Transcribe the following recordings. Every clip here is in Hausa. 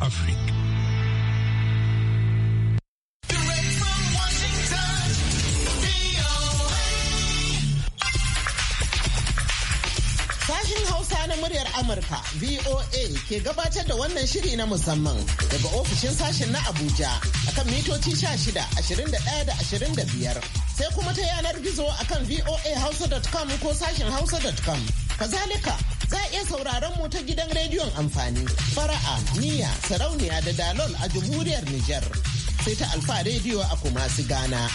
Afrique. Hausa na muryar Amurka VOA ke gabatar da wannan shiri na musamman daga ofishin sashen na Abuja akan mitoci 16, 21 da 25 sai kuma ta yanar gizo akan voahausa.com ko sashen hausa.com. Kazalika Za a iya sauraron mu ta gidan rediyon amfani, fara'a, niyya, sarauniya da dalol a jamhuriyar Nijar. Sai ta alfa rediyo a Kumasi gana.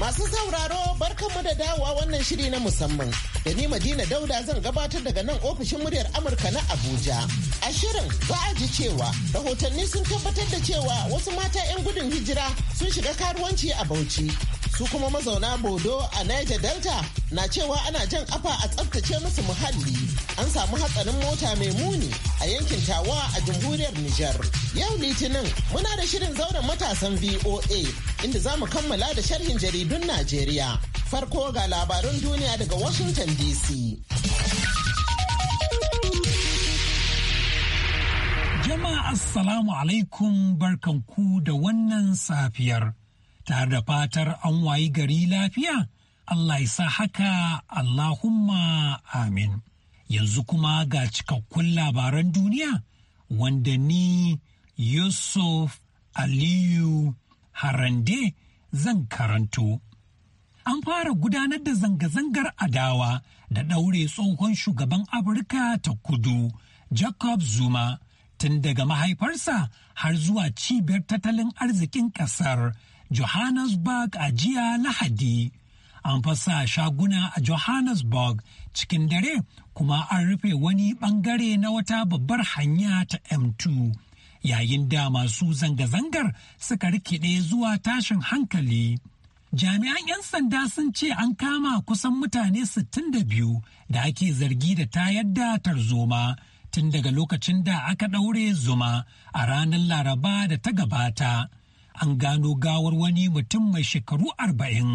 Masu sauraro barkanmu da dawowa wannan shiri na musamman. Da ni Madina Dauda zan gabatar daga nan ofishin muryar Amurka na Abuja. A shirin za a ji cewa rahotanni sun tabbatar da cewa wasu mata 'yan gudun hijira sun shiga karuwanci a Bauchi. Su kuma mazauna Bodo a Niger Delta na cewa ana jan kafa a tsaftace musu muhalli. An samu hatsarin mota mai muni a yankin Tawa a jamhuriyar Nijar. Yau Litinin muna da shirin zauren matasan VOA. inda za mu kammala da sharhin jaridun Najeriya. Farko ga labarun duniya daga Washington DC. Jama'a Assalamu alaikum barkanku da wannan safiyar. Tare da fatar an wayi gari lafiya, Allah ya sa haka Allahumma amin. Yanzu kuma ga cikakkun labaran duniya wanda ni Yusuf Aliyu harande zan karanto. An fara gudanar da zanga-zangar adawa da ɗaure tsohon shugaban Afirka ta kudu, Jacob Zuma, tun daga mahaifarsa har zuwa cibiyar tattalin arzikin ƙasar Johannesburg a jiya Lahadi. An fasa shaguna a Johannesburg cikin dare kuma an rufe wani ɓangare na wata babbar hanya ta M2. yayin da masu zanga-zangar suka rikide zuwa tashin hankali. Jami'an 'yan sanda sun ce an kama kusan mutane 62 da ake zargi da tayar da tarzoma tun daga lokacin da aka ɗaure zuma a ranar Laraba da ta gabata. An gano gawar wani mutum mai shekaru arba'in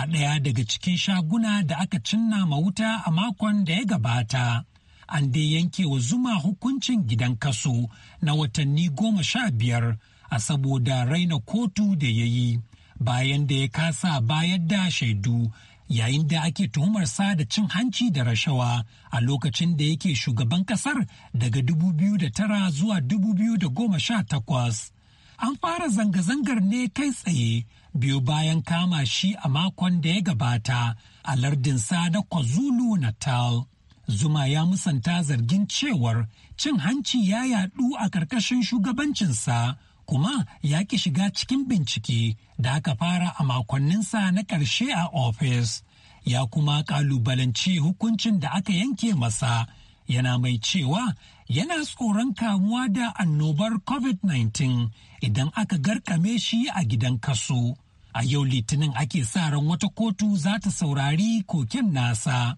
a ɗaya daga cikin shaguna da aka cinna ma wuta a makon da ya gabata. an dai yanke wa zuma hukuncin gidan kaso na watanni goma sha biyar a saboda raina kotu da ya yi bayan da ya kasa bayar da shaidu yayin da ake tuhumarsa da cin hanci da rashawa a lokacin da yake shugaban kasar daga dubu biyu da tara zuwa da goma sha takwas. an fara zanga-zangar ne kai tsaye biyu bayan kama shi a makon da ya gabata a lardinsa na kwazulu natal Zuma ya musanta zargin cewar cin hanci ya yaɗu a ƙarƙashin shugabancinsa kuma ya ki shiga cikin bincike da aka fara a makonninsa na ƙarshe a ofis. Ya kuma ƙalubalanci hukuncin da aka yanke masa yana mai cewa yana tsoron kamuwa da annobar COVID-19 idan aka garkame shi a gidan kaso. A yau litinin ake sa ran wata kotu za ta saurari koken nasa.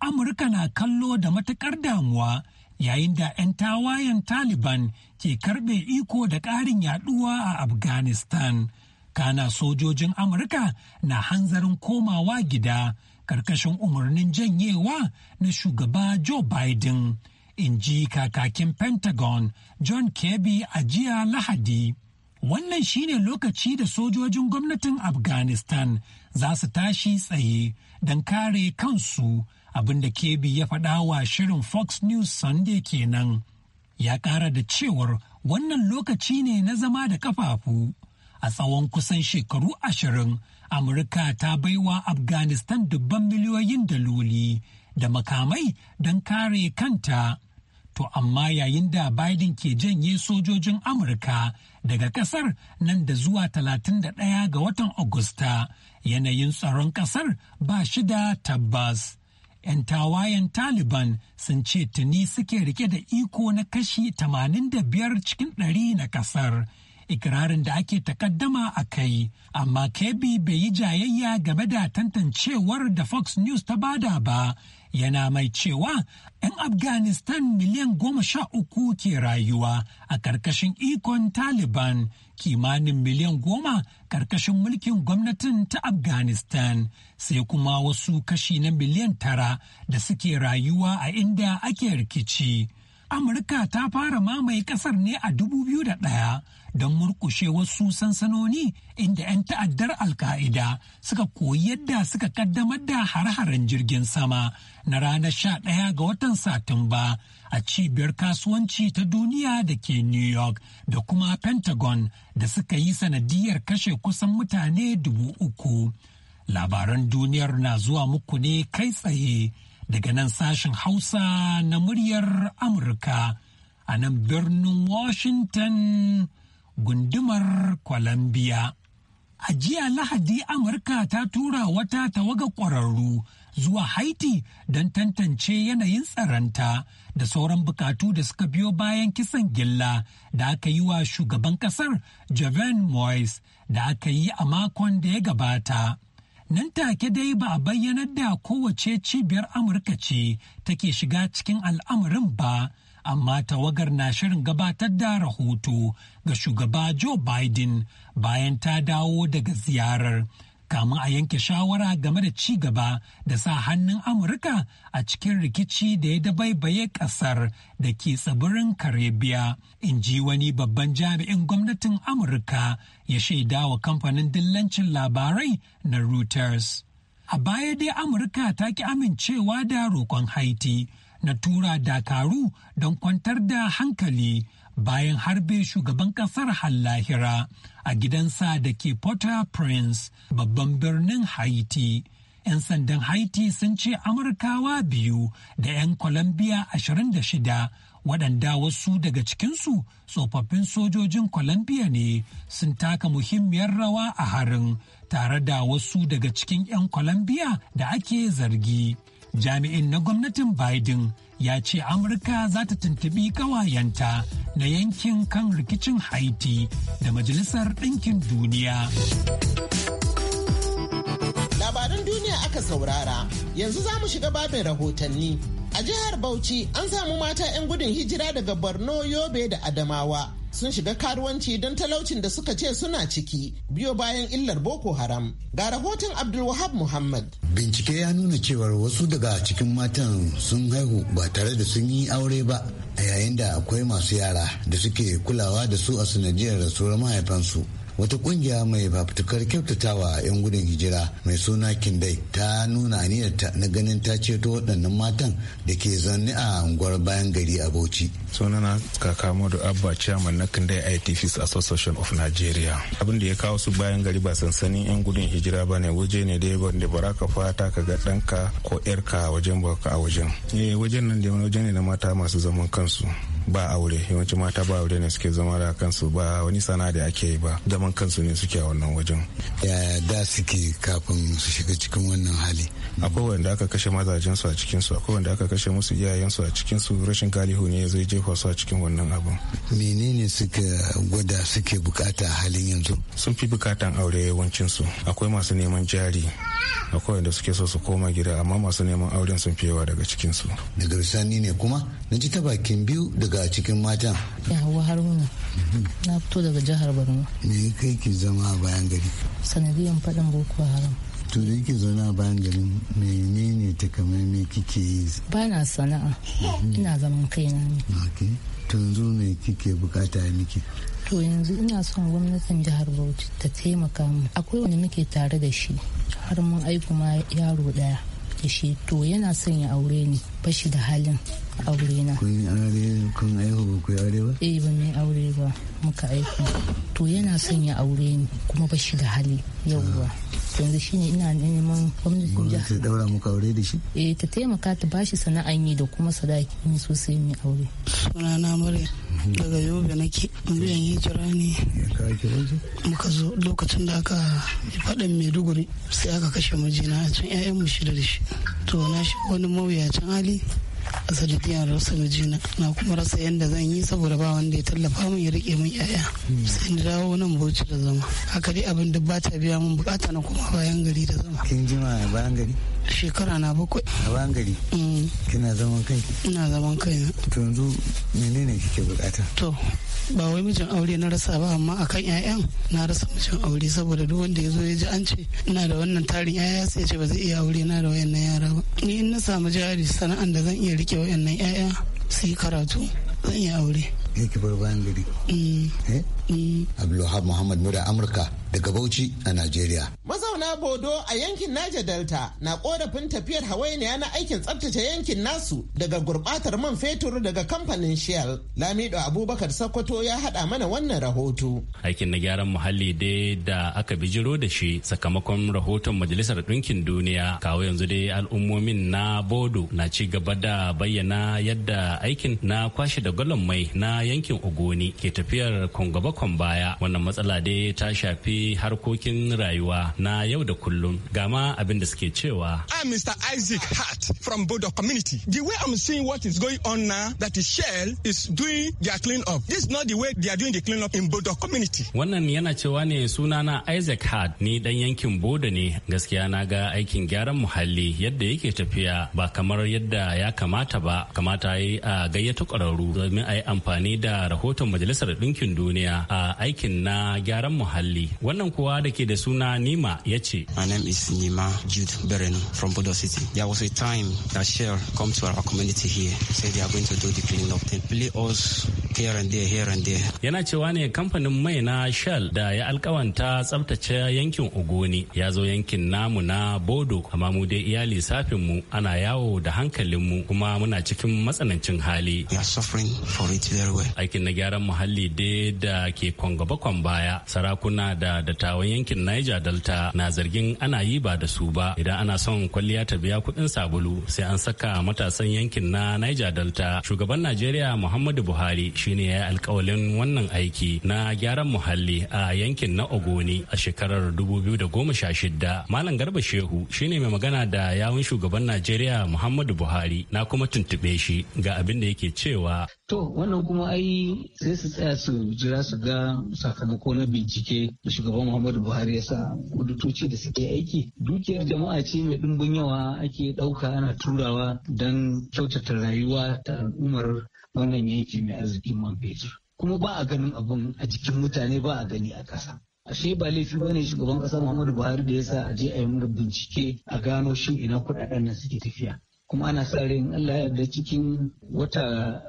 amurka na kallo da matuƙar damuwa yayin da 'yan tawayen taliban ke karbe iko da ƙarin yaɗuwa a afghanistan kana sojojin amurka na hanzarin komawa gida ƙarƙashin umarnin janyewa na shugaba joe biden in ji kakakin pentagon john kirby a jiya lahadi wannan shine lokaci da sojojin gwamnatin afghanistan za su tashi tsaye don kare kansu abinda kebi ya faɗa wa shirin fox news sunday kenan ya ƙara da cewar wannan lokaci ne na zama da kafafu a tsawon kusan shekaru ashirin amurka ta baiwa afghanistan dubban miliyoyin daloli da makamai don kare kanta To amma yayin da Biden ke janye sojojin Amurka daga kasar nan da zuwa 31 ga watan Agusta, yanayin tsaron kasar ba shi da tabbas. 'Yan tawayen Taliban sun ce tuni suke rike da iko na kashi 85 cikin 100 na kasar. ikirarin da ake takaddama a kai amma kebi bai yi jayayya game da tantancewar da fox news ta bada ba yana mai cewa 'yan afghanistan miliyan goma sha uku ke rayuwa a ƙarƙashin ikon taliban kimanin miliyan goma ƙarƙashin mulkin gwamnatin ta afghanistan sai kuma wasu kashi na miliyan tara da suke rayuwa a inda ake rikici. amurka ta fara mamaye kasar ne a 2001 don murkushe wasu sansanoni inda 'yan ta'addar alka'ida suka koyi yadda suka kaddamar da har-haren jirgin sama na ranar 11 ga watan satumba a cibiyar kasuwanci ta duniya da ke new york da kuma pentagon da suka yi sanadiyar kashe kusan mutane dubu uku labaran duniyar na zuwa muku ne kai tsaye daga nan sashen Hausa na muryar Amurka a nan birnin Washington gundumar Columbia. A jiya Lahadi Amurka ta tura wata tawaga ƙwararru zuwa Haiti don tantance yanayin tsaranta da sauran bukatu da suka biyo bayan kisan gilla da aka yi wa shugaban kasar Javen Moise da aka yi a makon da ya gabata. nan take dai ba a bayyanar da kowace cibiyar amurka ce take shiga cikin al'amarin ba amma tawagar na shirin gabatar da rahoto ga shugaba joe biden bayan ta dawo daga ziyarar kamun a yanke shawara game da ci gaba da sa hannun amurka a cikin rikici da ya dabaibaye kasar da ke tsibirin karibiya in ji wani babban jami'in gwamnatin amurka ya shaida wa kamfanin dillancin labarai na reuters a baya dai amurka ta ki amincewa da roƙon haiti na tura dakaru don kwantar da hankali bayan harbe shugaban kasar hallahira a gidansa da ke Port-au-Prince babban birnin Haiti. 'Yan sandan Haiti sun ce Amurkawa biyu da 'yan Colombia 26 waɗanda wasu daga cikinsu tsofaffin sojojin Colombia ne sun taka muhimmiyar rawa a harin tare da wasu daga cikin 'yan Colombia da ake zargi. Jami'in na gwamnatin Biden ya ce Amurka za ta tuntubi ƙawayenta na yankin kan rikicin Haiti da Majalisar Ɗinkin Duniya. da aka saurara. Yanzu za mu shiga babin rahotanni. A jihar Bauchi an samu mata 'yan gudun hijira daga Borno, Yobe da Adamawa. Sun shiga karuwanci don talaucin da suka ce suna ciki biyo bayan illar Boko Haram. Ga rahoton Abdulwahab Muhammad. Bincike ya nuna cewar wasu daga cikin matan sun haihu ba tare da sun yi aure ba. a yayin da akwai masu yara da suke kulawa da su a sanadiyar rasuwar mahaifansu wata kungiya mai fafutukar kyautatawa 'yan gudun hijira mai suna kindai ta nuna aniyarta na ganin ta ceto waɗannan matan da ke zanne a unguwar bayan gari a bauchi sunana kakamodu abba chairman na kindai itfs association of nigeria abin da ya kawo su bayan gari ba sansanin 'yan gudun hijira ba ne waje ne da da bara ka fata ka ga ɗanka ko 'yarka wajen ba a wajen eh, wajen nan da wani wajen ne na mata masu zaman kansu ba aure yawancin mata ba aure ne suke zama da kansu ba wani sana da ake yi ba zaman kansu ne suke a wannan wajen yaya da suke kafin su shiga cikin wannan hali akwai wanda aka kashe mazajen su a cikin su akwai wanda aka kashe musu iyayen su a cikin su rashin galihu ne zai jefa su a cikin wannan abin menene suka gwada suke bukata halin yanzu sun fi bukatan aure yawancin su akwai masu neman jari akwai wanda suke so su koma gida amma masu neman auren sun fi yawa daga cikin su daga bisani ne kuma na ji ta bakin biyu daga cikin matan ya hawa haruna na fito daga jihar borno me kai ki zama a bayan gari sanadiyan faɗin boko haram to da yake zaune a bayan gari menene ta kamar me kike yi ba na sana'a ina zaman kaina ne to yanzu me kike bukata miki to yanzu ina son gwamnatin jihar bauchi ta taimaka mu akwai wani muke tare da shi har mun aiku ma yaro daya da shi to yana son ya aure ni bashi da halin aure na kun aure kun aihu ku aure ba eh ba mai aure ba muka aiki. to yana son ya aure ni kuma ba shi da hali yauwa ah. yanzu ne ina neman gwamnatin jihar Gwamnati daura muka aure da shi eh ta taimaka ta bashi sana'an yi da kuma sadaki ni sosai mai aure na murya daga yobe nake miliyan hijira ne muka zo lokacin da aka faɗin maiduguri sai aka kashe mijina a can 'ya'yan mu shida da shi to na shi wani mawuyacin hali a sanadiyar rasa mijina na kuma rasa yadda zan yi saboda ba wanda ya tallafa min ya rike min yaya hmm. sai na dawo nan bauchi da zama haka dai abin duk ba biya min bukata na kuma bayan gari da zama kin jima bayan gari shekara na bakwai a bayan gari mm. kina zaman kai ina zaman kai na to yanzu menene kike bukata to ba wai mijin aure na rasa ba amma akan ƴaƴan na rasa mijin aure saboda duk wanda ya zo ya ji an ce ina da wannan tarin ƴaƴa sai ce ba zai iya aure na da wayannan yara ba ni in na samu jari sana'an da zan iya rike wayannan ƴaƴa su yi karatu zan iya aure ki bar bayan gari mm. eh? E. Abdulwahab Muhammad Mura Amurka daga Bauchi a Najeriya. Mazauna Bodo a yankin Naja Delta na korafin tafiyar hawainiya na aikin tsabtace yankin nasu daga gurbatar man fetur daga kamfanin Shell. Lamido Abubakar Sokoto ya hada mana wannan rahoto. Aikin na gyaran muhalli dai da aka bijiro da shi sakamakon rahoton Majalisar Dinkin Duniya kawo yanzu dai al'ummomin na Bodo na ci gaba da bayyana yadda aikin na kwashe da gwalon mai na yankin Ogoni ke tafiyar kongaba makon baya wannan matsala dai ta shafi harkokin rayuwa na yau da kullum gama abin da suke cewa I'm Mr. Isaac Hart from Bodo community the way I'm seeing what is going on now that the shell is doing their clean up this is not the way they are doing the clean up in Bodo community wannan yana cewa ne sunana Isaac Hart ni dan yankin Bodo ne gaskiya na ga aikin gyaran muhalli yadda yake tafiya ba kamar yadda ya kamata ba kamata yi a gayyato ƙwararru domin a yi amfani da rahoton majalisar ɗinkin duniya a aikin na gyaran muhalli. Wannan kuwa da ke da suna Nima ya ce. My name is Nima Jude Berenu from Bodo City. There was a time that Shell come to our community here say they are going to do the cleaning up. They play us here and there, here and there. Yana cewa ne kamfanin mai na Shell da ya alkawanta tsabtace yankin Ogoni ya zo yankin namu na Bodo amma mu dai iya lissafin mu ana yawo da hankalin mu kuma muna cikin matsanancin hali. We are suffering for it very well. Aikin na gyaran muhalli dai da ke kwan baya sarakuna da dattawan yankin niger delta na zargin ana yi ba da su ba idan ana son kwalliya ta biya kuɗin sabulu sai an saka matasan yankin na niger delta shugaban najeriya muhammadu buhari shine ya yi alkawalin wannan aiki na gyaran muhalli a yankin na ogoni a shekarar 2016 malam garba shehu shine mai magana da yawun shugaban najeriya muhammadu buhari na kuma tuntube shi ga abin da yake cewa to wannan kuma ai sai su tsaya su jira su ga sakamako na bincike da shugaban muhammadu buhari ya sa kudutoci da suke aiki dukiyar jama'a ce mai ɗimbin yawa ake ɗauka ana turawa don kyautata rayuwa ta al'ummar wannan yanki mai arzikin man fetur kuma ba a ganin abin a jikin mutane ba a gani a ƙasa ashe ba laifi bane shugaban ƙasa Muhammadu Buhari da yasa a je a yi bincike a gano shin ina kudaden nan suke tafiya kuma ana sa ran Allah yarda cikin wata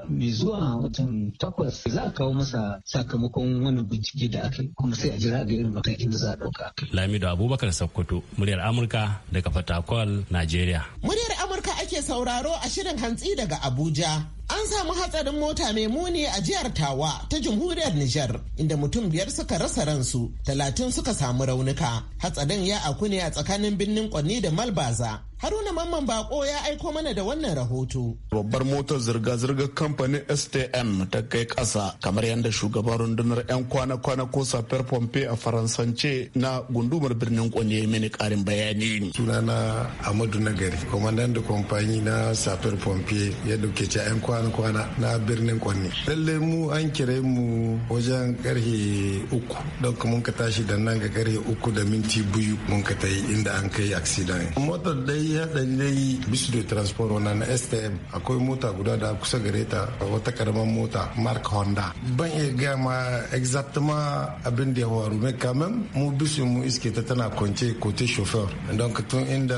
mai zuwa watan takwas za a kawo masa sakamakon wani bincike da aka yi kuma sai a jira ga irin matakin da za a ɗauka. Lamido Abubakar Sokoto, muryar Amurka daga Fatakwal, Najeriya. Muryar ake sauraro a shirin hantsi daga Abuja. An samu hatsarin mota mai muni a jihar Tawa ta jamhuriyar Nijar inda mutum biyar suka rasa ransu, talatin suka samu raunuka. Hatsarin ya aku ne a tsakanin birnin Kwanni da Malbaza. Haruna Mamman Bako ya aiko mana da wannan rahoto. Babbar motar zirga-zirgar kamfanin STM ta kai ƙasa kamar yadda shugaban rundunar 'yan kwana-kwana ko safiyar pompe a faransance na gundumar birnin Kwanne mini ƙarin bayani. Sunana Amadu Nagari, kwamandan kamfani na safir pompe ya dauke ci 'yan kwana-kwana na birnin kwanne lallai mu an kire mu wajen karhe uku don mun ka tashi da nan ga karhe uku da minti biyu mun ka ta yi inda an kai accident motar dai da dai bisu da transport wana na stm akwai mota guda da kusa gare ta wata karamar mota mark honda ban iya gaya ma exactement abin da ya faru mai kamen mu bisu mu iske ta tana kwance kote chauffeur don tun inda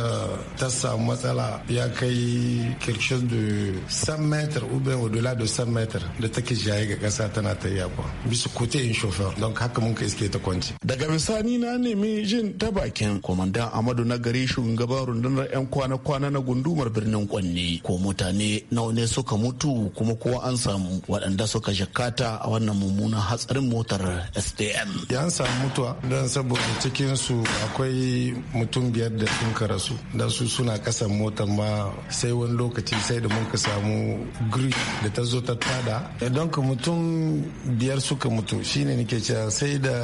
ta samu matsala ya kai kirshen da 100 metar uben wadola da 100 metar da take jaye ga kasa tana ta yakwa bisa kote in shofar don haka mun ka iske ta kwanci. Daga bisani na nemi jin ta bakin kwamandan Amadu na gari shugaban rundunar 'yan kwana-kwana na gundumar birnin Kwanne ko mutane nawa ne suka mutu kuma kowa an samu waɗanda suka jakata a wannan mummunan hatsarin motar SDM. Yan samu mutuwa don saboda cikin su akwai mutum biyar da sun karasu don su suna kasan motar ma sai wani lokaci sai da muka samu gri da ta zo ta tada don ka mutum biyar suka mutu shine nake cewa sai da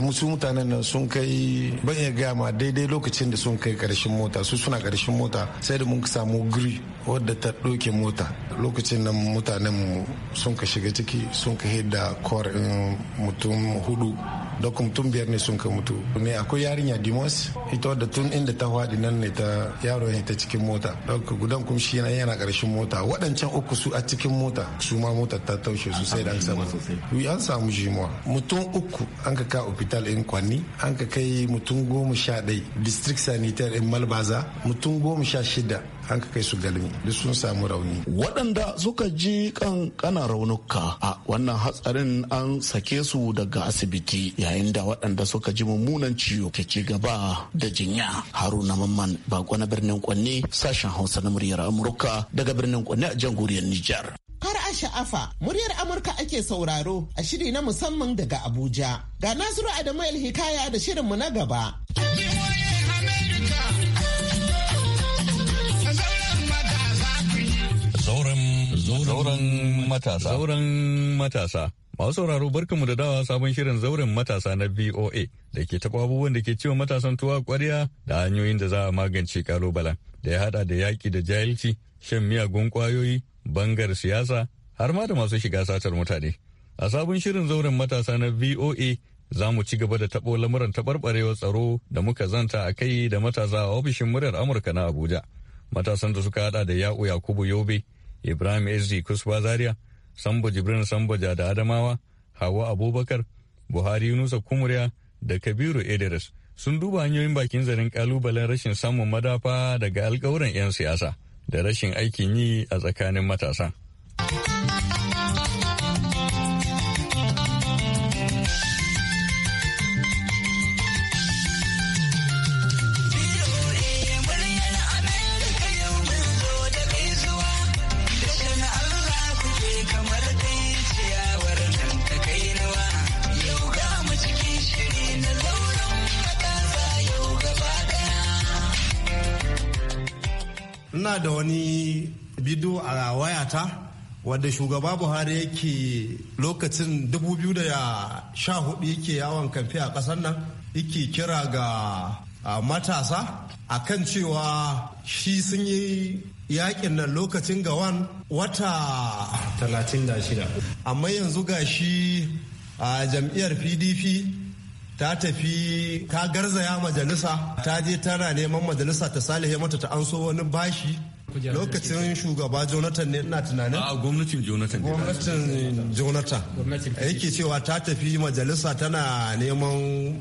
musu mutanen nan sun kai ban iya gaya ma daidai lokacin da sun kai karshen mota su suna karshen mota sai da muka samu gri wadda ta ɗauke mota lokacin nan mutanen mu sun ka shiga ciki sun ka hidda kor eh, mutum hudu dokun mutum biyar ne sun ka mutu me akwai yarinya dimos ita wadda tun inda ta faɗi nan ne ta yaro ne ta cikin mota dokun gudan kuma shi yana karshen mota waɗancan uku su a cikin mota su ma mota ta taushe sosai da an samu an samu jimuwa mutum uku an ka kawo hospital in kwanni an ka kai mutum goma sha ɗai district sanitary in malbaza mutum goma sha shida an ka kai su galmi duk sun samu rauni waɗanda suka ji kankana raunuka a wannan hatsarin an sake su daga asibiti yayin da waɗanda suka ji mummunan ciwo ke ci gaba da jinya haruna mamman bako na birnin kwanne sashen hausa na muryar amurka daga birnin kwanne a jamhuriyar nijar Kar a sha'afa muryar Amurka ake sauraro a shiri na musamman daga Abuja. Ga Nasiru Adamu El Hikaya da shirinmu na gaba. zauren matasa zauren matasa masu sauraro barkamu da dawa sabon shirin zauren matasa na VOA da ke taɓa abubuwan da ke cewa matasan tuwa ƙwarya da hanyoyin da za a magance ƙalubalen da ya haɗa da yaƙi da jahilci shan miyagun ƙwayoyi bangar siyasa har ma da masu shiga satar mutane a sabon shirin zauren matasa na VOA za mu ci gaba da taɓo lamuran taɓarɓarewar tsaro da muka zanta a kai da matasa a ofishin muryar Amurka na Abuja. Matasan da suka haɗa da Ya'u Yakubu Yobe, Ibrahim SD Kusba Zaria, Sambo Jibrin Sambaja da Adamawa, Hawa Abubakar, Buhari Yunusa Kumuriya da Kabiru Idris sun duba hanyoyin bakin zarin kalubalen rashin samun madafa daga alkawuran 'yan siyasa da rashin aikin yi a tsakanin matasa. ina da wani bidiyo a wayata wadda shugaba buhari yake lokacin 2014 yake yawon kamfe a ƙasar nan yake kira ga matasa a kan cewa shi sun yi yakin nan lokacin gawan wata 36 amma yanzu ga shi a jam'iyyar pdp ta tafi ka garzaya majalisa ta je tana neman majalisa ta salihe mata ta anso wani bashi lokacin shugaba jonathan ne ina tunanin a gwamnatin jonathan gwamnatin jonathan yake cewa ta tafi majalisa tana neman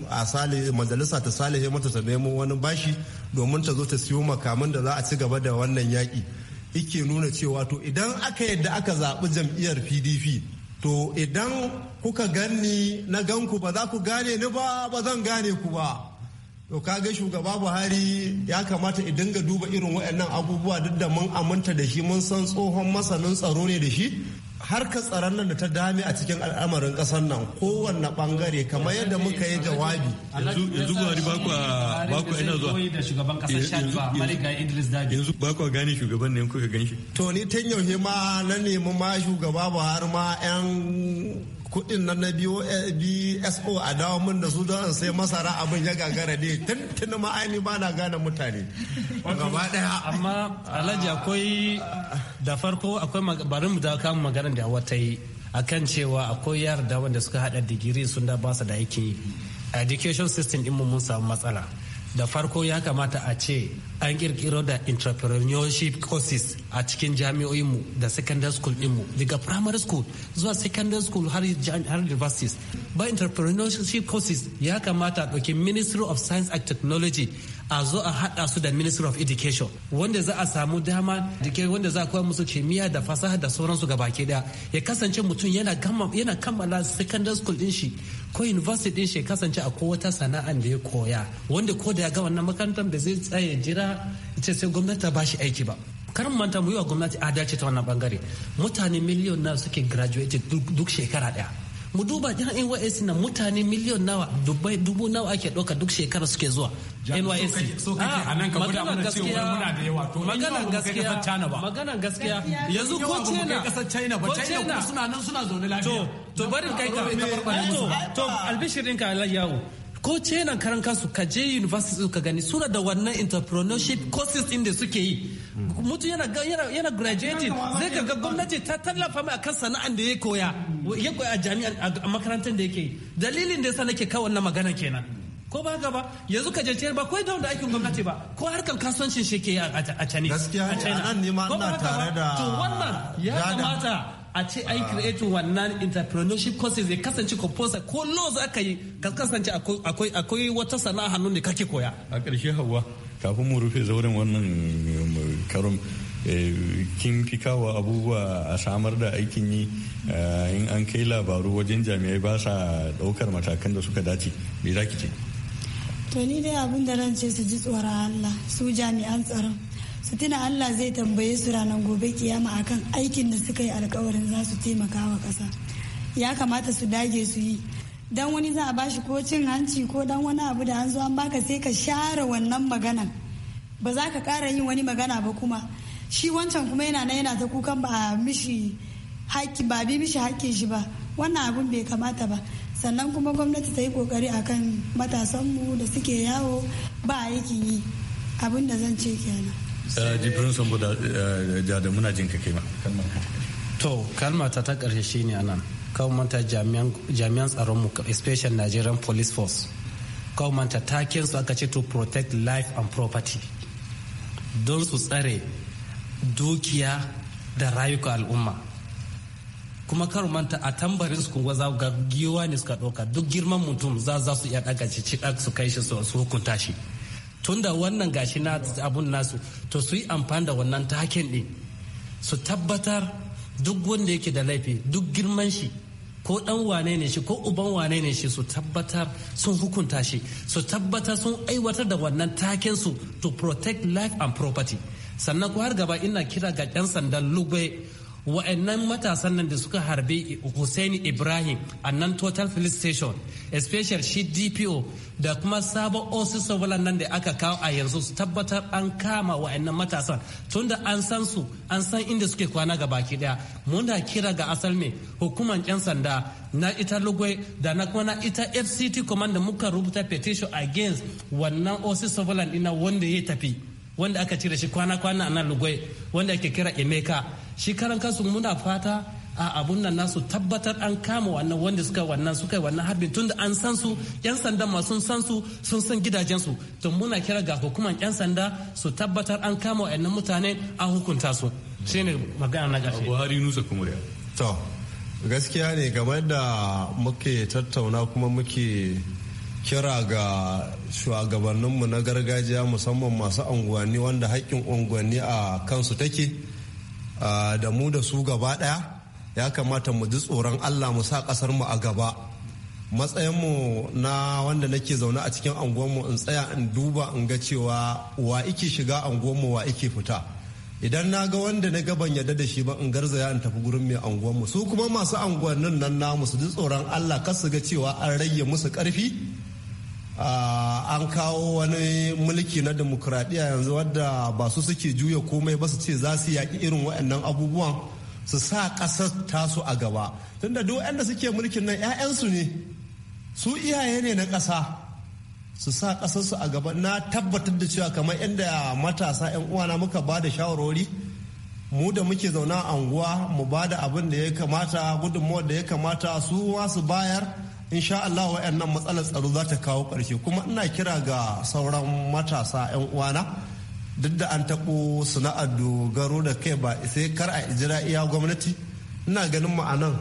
a majalisa ta salihe mata ta nemo wani bashi domin ta zo ta siyo makamin da za a ci gaba da wannan yaƙi yake nuna cewa to idan aka yadda aka zaɓi jam'iyyar pdp to idan kuka ganni na ganku ba za ku gane ni ba ba zan gane ku ba to kaga shugaba buhari ya kamata in dinga duba irin waɗannan abubuwa duk da mun aminta da shi mun san tsohon masanin tsaro ne da shi harka tsaron nan da ta dame a cikin al'amarin kasar nan kowanne ɓangare kamar yadda muka yi jawabi yanzu buhari ba ku ba ku ina zuwa da shugaban kasar Chad ba Malika Idris Dabi yanzu ba ku gane shugaban ne kuka ganshi to ni tan yaushe ma na nemi ma shugaba Buhari ma yan kudin nan na biyo bso a dawo min da su don sai masara abin ya gagara dai tun ma aini ba na gane mutane gaba daya amma alhaji akwai da farko akwai bari mu da kamun maganar da wata yi akan cewa akwai yarda wanda suka hada digiri sun da basu da yake education system din mun samu matsala da farko ya kamata a ce an kirkiro da entrepreneurship courses a cikin jami'o'inmu da secondary school dinmu daga primary school zuwa secondary school har universities ba entrepreneurship courses ya kamata a ɗauki ministry of science and technology a zo a haɗa su da ministry of education wanda za a samu dama wanda za a koya musu kimiyya da fasaha da sauransu ga baki daya ya kasance mutum yana kammala secondary school din shi ko university din shi ya kasance a wata sana'a da ya koya wanda ko da ya ga wannan makarantar da zai tsaye jira ce sai gwamnati ta ba aiki ba karin manta mu yi wa gwamnati adalci ta wannan bangare mutane miliyon na suke graduate duk shekara daya mu duba jami'in wa'ai na mutane miliyon nawa dubu nawa ake ɗauka duk shekara suke zuwa NYSC. So kake ah, a nan ka gwada mana cewa muna da yawa. To maganan gaskiya China ba. Maganan gaskiya yanzu ko China. Kasar China ba China ko suna nan suna zaune lafiya. To to barin kai ka eh, to to albishirin ka yawo. ko ce nan karan kansu ka je university ka gani suna da wannan entrepreneurship courses din da suke yi mutu yana yana graduating zai ka ga gwamnati ta tallafa mai akan sana'an da ya koya ya koya a jami'ar a makarantar da yake dalilin da yasa nake kawo wannan magana kenan ko ba gaba yanzu ka ba kawai da wanda aikin gwamnati ba ko harkar kasuwancin shi ke a cani a ne ko ba tare ba to wannan ya kamata a ce ai create wannan entrepreneurship courses ya kasance composer ko laws ka yi kasance akwai wata sana'a hannun da kake koya a ƙarshe hawa kafin mu rufe zauren wannan karon eh, kin fi kawo abubuwa a samar da aikin yi eh, in an kai labaru wajen jami'ai ba sa ɗaukar matakan da suka dace me za ki ce to ni dai abin da ran ce su ji tsoron allah su jami'an tsaron su tuna allah zai tambaye su ranar gobe kiyama akan aikin da suka yi alkawarin za su taimaka wa ƙasa ya kamata su dage su yi dan wani za a bashi ko cin hanci ko dan wani abu da an zo an baka sai ka share wannan maganan ba za ka ƙara yin wani magana ba kuma shi wancan kuma yana na yana ta kukan ba mishi haƙƙi ba bi mishi haƙƙin shi ba wannan abun bai kamata ba sannan kuma gwamnati ta yi kokari kan matasanmu da suke yawo ba aikin yi abin da zan ce kenan jibrin buda eh, jada muna jin ka ma. to kalma ta ta karshe ne anan kawo manta jami'an tsaronmu especially nigerian police force kawo manta taken su aka ce to protect life and property don su tsare dukiya da rayuka al'umma kuma kar manta a tambarin su za ga giwa ne suka ɗauka duk girman mutum za za su iya ɗaga shi su kai shi su hukunta shi tunda wannan gashi na abun nasu to su yi amfani da wannan taken ɗin su tabbatar duk wanda yake da laifi duk girman shi ko dan wane ne shi ko uban wane ne shi su tabbatar sun hukunta shi su tabbatar sun aiwatar da wannan taken su to protect life and property sannan ko har gaba ina kira ga 'yan sandan lugbe wa'annan matasan nan da suka harbe Hussein Ibrahim a nan Total Police Station, especially shi DPO da kuma sabon osisa nan da aka kawo a yanzu su tabbatar an kama wa'annan matasan tunda an san su an san inda suke kwana ga baki daya muna kira ga asal mai hukuman yan sanda na ita lugwai da na kuma na ita fct command da muka rubuta petition against wannan osisa din ina wanda ya tafi wanda aka cire shi kwana-kwana a nan lugwai wanda ake kira emeka shi karan kansu muna fata a abun nan nasu tabbatar an kama wannan wanda suka wannan suka wannan harbin tunda an san su yan sanda ma sun san su sun san gidajen su to muna kira ga hukuman yan sanda su tabbatar an kama wayannan mutane an hukunta su shine magana na gashi Buhari Nusa Kumuriya to gaskiya ne game da muke tattauna kuma muke kira ga shugabanninmu na gargajiya musamman masu unguwanni wanda haƙƙin unguwanni a kansu take Ah, da mu da su gaba ɗaya ya kamata mu ji tsoron allah mu sa ƙasar mu a gaba matsayinmu na wanda nake zaune a cikin anguwanmu in tsaya in duba in ga cewa wa ike shiga anguwanmu wa ike fita idan na ga wanda na ga ban yarda da shi ba in garzaya in tafi gurin mai anguwanmu su kuma masu anguwannin nan namu su ji tsoron Allah kar su ga cewa an rage musu karfi Ah, an kawo wani mulki na demokuraɗiyya yanzu wadda ba su suke juya komai ba su ce za su yaƙi irin waɗannan abubuwan su sa ƙasar tasu a gaba tunda duk wanda suke mulkin nan 'ya'yansu ne su iyaye ne na ƙasa su sa ƙasarsu a gaba na tabbatar da cewa kamar inda matasa 'yan uwana muka ba da shawarwari mu da muke zauna a anguwa mu ba da abin da ya kamata gudunmawar da ya kamata su ma su bayar insha Allah wa'annan matsalar tsaro za ta kawo ƙarshe kuma ina kira ga sauran matasa 'yan uwana duk da an taɓo sana'ar dogaro da kai ba sai kar a jira iya gwamnati ina ganin mu a nan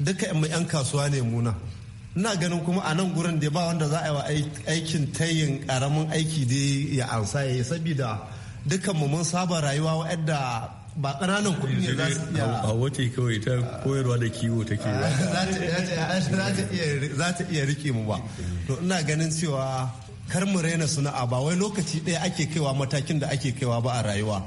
duka 'yan kasuwa ne muna ina ganin kuma a nan gurin da ba wanda za a yi wa aikin tayin ƙaramin aiki dai ya ansa ya yi saboda dukkan mun saba rayuwa wa'adda ba ƙananan kuɗi ne za su iya a wace kawai ta koyarwa da kiwo take za ta iya rike mu ba to ina ganin cewa kar mu raina a ba wai lokaci ɗaya ake kaiwa matakin da ake kaiwa ba a rayuwa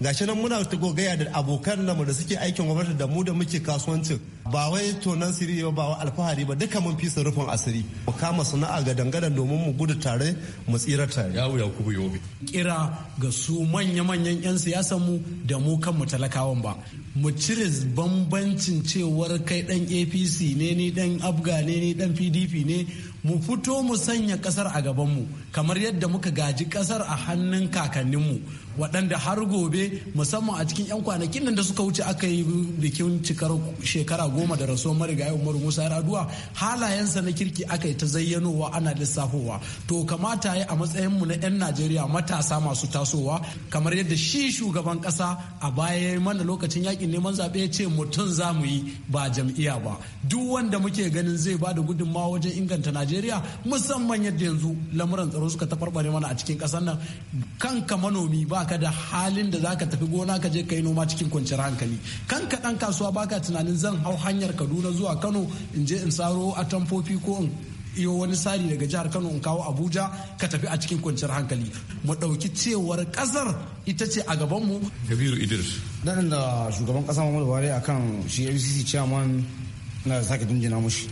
gashi nan muna ta gogaya da abokan namu da suke aikin gwamnati da mu da muke kasuwancin ba wai tonan siri ba Ba wa alfahari ba duka mun fi su rufin asiri mu kama sana'a ga dangadan domin mu gudu tare mu tsira tare yawo ya kubu yobe kira ga su manya-manyan 'yan siyasan mu da mu kanmu talakawan ba mu cire bambancin cewar kai dan apc ne ni dan abga ne ni dan pdp ne mu fito mu sanya kasar a gabanmu kamar yadda muka gaji kasar a hannun kakanninmu waɗanda har gobe musamman a cikin 'yan kwanakin nan da suka wuce aka yi bikin cikar shekara goma da rasuwar marigayi umaru musa raduwa halayensa na kirki aka yi ta zayyanowa ana lissafowa to kamata ya a matsayinmu na 'yan najeriya matasa masu tasowa kamar yadda shi shugaban kasa a baya ya mana lokacin yakin neman zaɓe ya ce mutum za mu yi ba jam'iyya ba duk wanda muke ganin zai ba da gudunmawa wajen inganta najeriya musamman yadda yanzu lamuran tsaro suka taɓarɓare mana a cikin ƙasar nan kanka manomi baka da halin da zaka tafi gona ka je ka yi noma cikin kwanciyar hankali kanka ɗan kasuwa baka tunanin zan hau hanyar kaduna zuwa kano in je in saro atamfofi ko in iyo wani sari daga jihar kano in kawo abuja ka tafi a cikin kwanciyar hankali mu ɗauki cewar kasar ita ce a gabanmu kabiru idris danin da shugaban ƙasa muhammadu buhari akan shi c chairman na da sake dunjina mushi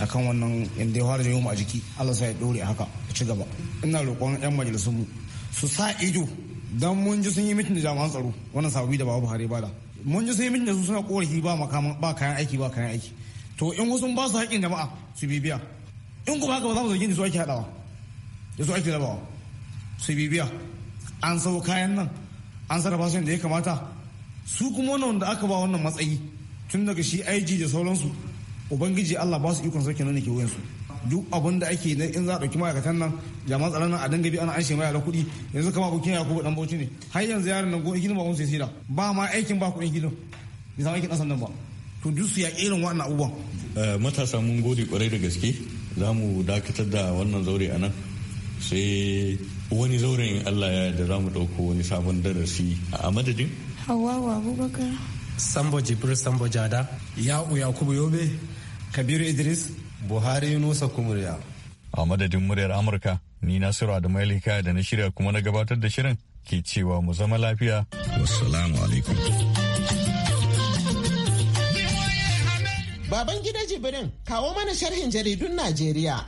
akan wannan inda ya fara mu a jiki allah sa ya dore haka a ci gaba ina roƙon 'yan majalisunmu su sa ido don mun ji sun yi mitin da jami'an tsaro wannan sababi da babu buhari bada mun ji sai min da su suna korafi ba makama ba kayan aiki ba kayan aiki to in wasu ba su haƙƙin jama'a su bibiya in kuma haka ba za mu zargin da su ake haɗawa da su ake rabawa su bibiya an sau kayan nan an sarrafa su da ya kamata su kuma wannan da aka ba wannan matsayi tun daga shi aiji da sauransu ubangiji Allah ba su ikon sarki nan da ke wuyansu. su duk abin da ake na in za a ɗauki ma'aikatan nan jama'a tsaron nan a dinga bi ana anshe mayar kuɗi yanzu kama abokin yakubu dan bauchi ne har yanzu yaran nan gobe gidan ba mun sai sira ba ma aikin ba kuɗin gidan bai samu aikin ɗan sandan ba to duk su ya irin wannan abubuwan. Eh, matasa mun gode kwarai da gaske za mu dakatar da wannan zaure a nan sai wani zauren allah ya da za mu ɗauko wani sabon darasi a madadin. hawawa abubakar. sambo jibril sambo jada ya'u yakubu yobe kabiru idris buhari nusa kumuriya a madadin muryar amurka ni nasiru da da na shirya kuma na gabatar da shirin ke cewa mu zama lafiya wassalamu alaikum baban gida jibirin kawo mana sharhin jaridun najeriya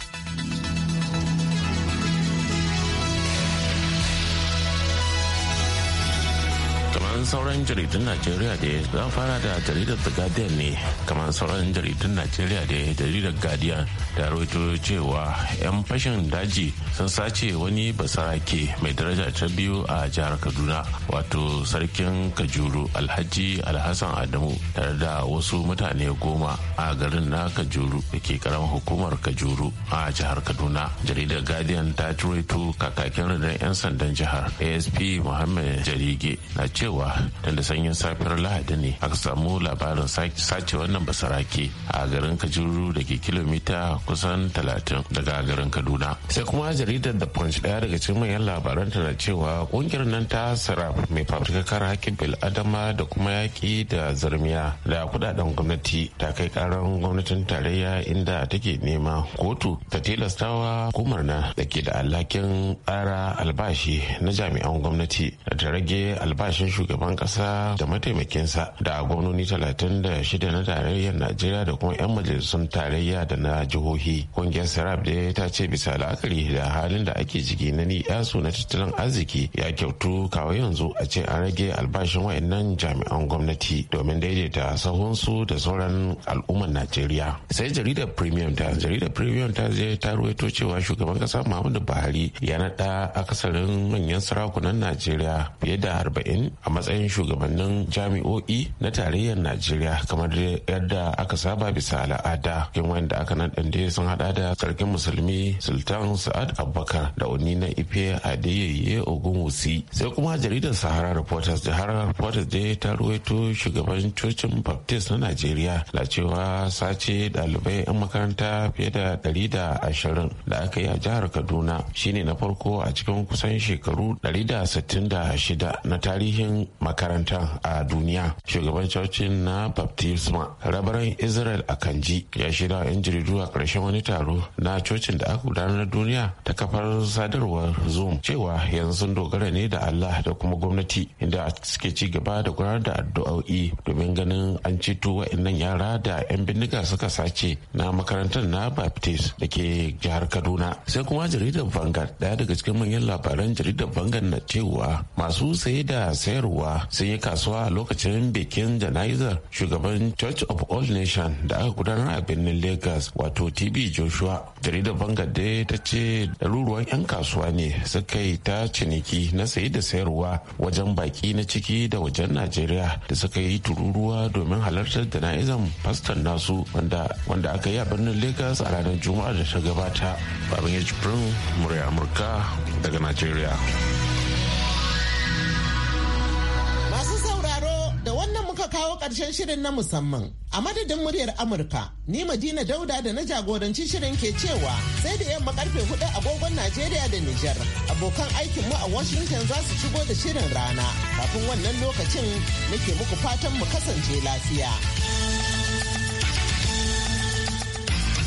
kamar sauran jaridun najeriya da zan fara da jaridar the guardian ne kamar sauran jaridun najeriya da ya jaridar guardian da rawaito cewa 'yan fashin daji sun sace wani basarake mai daraja ta biyu a jihar kaduna wato sarkin kajuru alhaji alhassan adamu tare da wasu mutane goma a garin na kajuru da ke karamar hukumar kajuru a jihar kaduna jaridar guardian ta turaito kakakin radon 'yan sandan jihar asp muhammad jarige na cewa tunda sanyin safiyar lahadi ne aka samu labarin sace wannan basarake a garin kajuru da ke kilomita kusan 30 daga garin kaduna sai kuma jaridar da punch daya daga cikin manyan labaran na cewa kungiyar nan ta sarraf mai fafutukar hakkin adama da kuma yaƙi da zarmiya da kudaden gwamnati ta kai karan gwamnatin tarayya inda take nema kotu ta tilastawa hukumar na da ke da alhakin tsara albashi na jami'an gwamnati da ta rage albashin shugaban shugaban kasa da mataimakinsa da gwamnoni 36 na tarayyar najeriya da kuma 'yan majalisun tarayya da na jihohi kungiyar sarab da ta ce bisa la'akari da halin da ake jiki na ni yasu na tattalin arziki ya kyautu kawai yanzu a ce an rage albashin wayannan jami'an gwamnati domin daidaita sahunsu da sauran al'ummar najeriya sai jaridar premium ta jaridar premium ta je ta ruwaito cewa shugaban kasa muhammadu buhari ya naɗa akasarin manyan sarakunan najeriya fiye da arba'in a matsayin shugabannin jami'o'i na tarayyar najeriya kamar yadda aka saba bisa al'ada yin wanda aka dande sun hada da sarkin musulmi sultan sa'ad abubakar da na ife adeyeye ogunwusi sai kuma jaridar sahara reporters jihar har reporters dai ta ruwaito shugaban cocin baptist na najeriya na cewa sace dalibai 'yan makaranta fiye da 120 da aka yi a jihar kaduna shine na farko a cikin kusan shekaru 166 na tarihin makaranta a duniya shugaban cocin na baptisma rabaran israel akanji ya shirya yan jaridu a ƙarshen wani taro na cocin da aka gudanar duniya ta kafar sadarwar zoom cewa yanzu sun dogara ne da allah da kuma gwamnati inda suke ci gaba da gudanar da addu'o'i domin ganin an ceto wa'annan yara da 'yan bindiga suka sace na makarantar na baptist da ke jihar kaduna sai kuma jaridar vangard daya daga cikin manyan labaran jaridar vangard na cewa masu saye da sayarwa sun yi kasuwa a lokacin bikin jana'izar shugaban church of all nation da aka gudanar a birnin lagos wato tb joshua jaridar bangade ta ce ɗaruruwan 'yan kasuwa ne suka yi ta ciniki na sayi da sayarwa wajen baki na ciki da wajen najeriya da suka yi tururuwa domin halartar jana'izar fastan nasu wanda aka yi a birnin lagos a ranar juma'a da ta gabata babin ya murya amurka daga najeriya karshen shirin na musamman. A madadin muryar Amurka, ni Madina Dauda da na jagoranci shirin ke cewa sai da yamma karfe hudu agogon Najeriya da Nijar. Abokan aikin mu a Washington za su shigo da shirin rana. Kafin wannan lokacin muke muku fatan mu kasance lafiya.